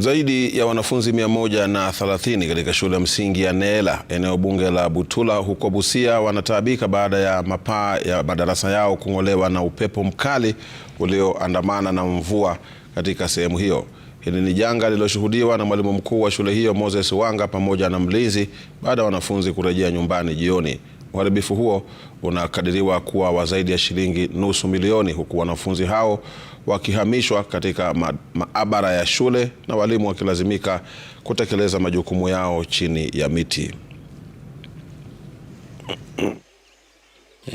Zaidi ya wanafunzi 130 katika shule ya msingi ya Neela eneo bunge la Butula huko Busia wanataabika baada ya mapaa ya madarasa yao kung'olewa na upepo mkali ulioandamana na mvua katika sehemu hiyo. Hili ni janga lililoshuhudiwa na mwalimu mkuu wa shule hiyo Moses Wanga pamoja na mlinzi baada ya wanafunzi kurejea nyumbani jioni. Uharibifu huo unakadiriwa kuwa wa zaidi ya shilingi nusu milioni, huku wanafunzi hao wakihamishwa katika maabara ya shule na walimu wakilazimika kutekeleza majukumu yao chini ya miti.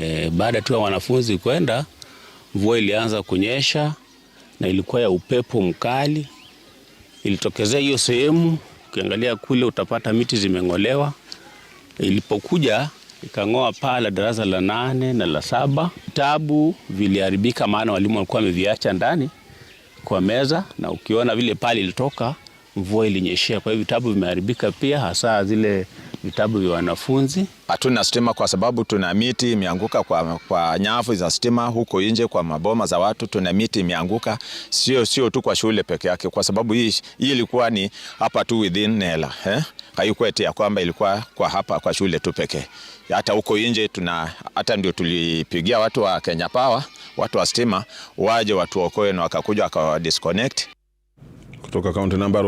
E, baada tu ya wanafunzi kwenda, mvua ilianza kunyesha na ilikuwa ya upepo mkali. Ilitokezea hiyo sehemu, ukiangalia kule utapata miti zimeng'olewa. Ilipokuja ikang'oa paa la darasa la nane na la saba. Vitabu viliharibika, maana walimu walikuwa wameviacha ndani kwa meza, na ukiona vile paa lilitoka, mvua ilinyeshea, kwa hiyo vitabu vimeharibika pia, hasa zile vitabu vya wanafunzi. Hatuna stima kwa sababu tuna miti imeanguka kwa, kwa nyavu za stima huko nje, kwa maboma za watu, tuna miti imeanguka, sio sio tu kwa shule peke yake, kwa sababu hii hii ilikuwa ni hapa tu within Nela eh? Haikuwa eti ya kwamba ilikuwa kwa hapa kwa shule tu pekee, hata huko nje tuna hata ndio tulipigia watu wa Kenya Power, watu wa stima waje watuokoe, na wakakuja wakawa disconnect kutoka kaunti namba